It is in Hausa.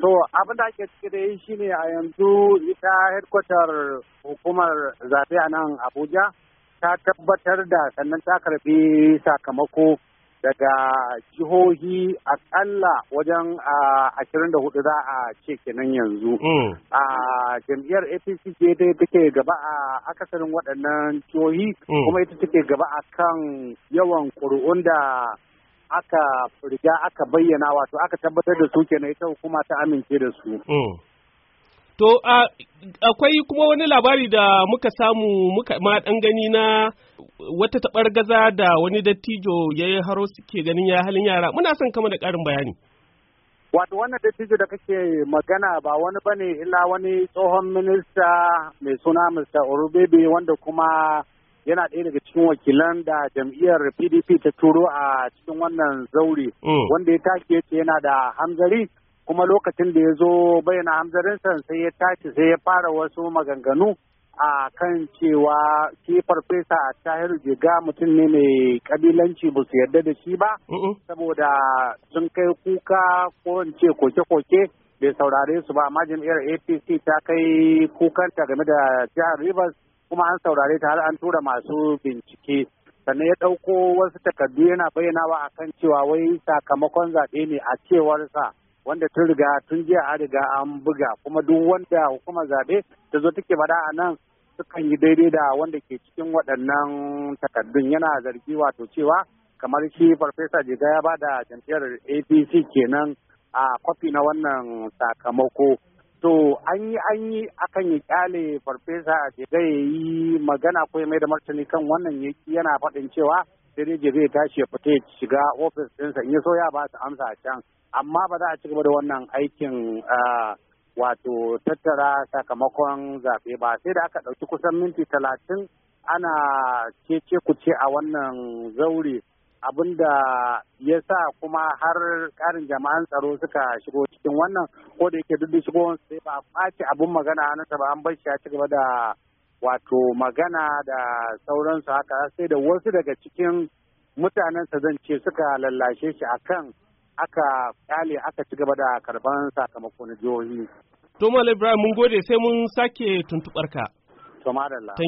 To abin da ake ciki da yi shine a yanzu ita hedkwatar hukumar zaɓe a nan Abuja ta tabbatar da sannan ta karɓi sakamako daga jihohi akalla wajen a ashirin da hudu za a ce kenan yanzu. Hmm. A jam'iyyar APC ce dai take gaba a akasarin waɗannan jihohi hmm. kuma ita take gaba a kan yawan ƙuri'un da aka riga aka bayyana wato aka tabbatar da su kenan ita hukuma ta amince da su. Mm. To akwai kuma wani labari da muka samu muka ma ɗan gani na wata tabar gaza da wani dattijo ya yi haro suke ganin ya halin yara muna son kama da karin bayani. Wato wannan dattijo da kake magana ba wani bane illa wani tsohon minista mai suna Mr. Orubebe wanda kuma yana ɗaya daga cikin wakilan da jam'iyyar pdp ta turo a cikin wannan zaure mm. wanda ya tashi ce yana da hamzari kuma lokacin da ya zo bayyana hamzarinsa sai ya tashi sai ya fara wasu maganganu a kan cewa shi farfesa a tahiru jiga mutum ne mai kabilanci ba su yarda da shi ba saboda sun kai kuka ko in ce koke-koke bai saurare su ba amma jam'iyyar apc ta kai kukanta game da jihar rivers kuma an saurare ta har an tura masu bincike sannan ya ɗauko wasu takardu yana bayyanawa akan cewa wai sakamakon zaɓe ne a cewarsa wanda tun riga tun jiya a riga an buga kuma duk wanda hukumar zaɓe ta zo take faɗa a nan sukan yi daidai da wanda ke cikin waɗannan takardun yana zargi wato cewa kamar shi farfesa jiga ya ba da jam'iyyar apc kenan a kwafi na wannan sakamako To an yi an yi akan ya kyale farfesa a shiga ya yi magana ko ya mai da martani kan wannan yaki yana faɗin cewa sai dai zai tashi ya fita ya shiga ofis ɗinsa in ya so ya ba su amsa a can amma ba za a ci gaba da wannan aikin wato tattara sakamakon zaɓe ba sai da aka ɗauki kusan minti talatin ana ce-ce ku ce a wannan zaure abin da ya sa kuma har karin jama'an tsaro suka shigo cikin wannan ko da yake duk shigo sai ba ɓaci abin magana ta ba an bar shi ya cigaba da wato magana da sauransu haka sai da wasu daga cikin mutanen sa zan ce suka lallashe shi akan aka kyale aka ci gaba da karban sakamako na jihohi. Tomal Ibrahim mun gode sai mun sake tuntuɓarka.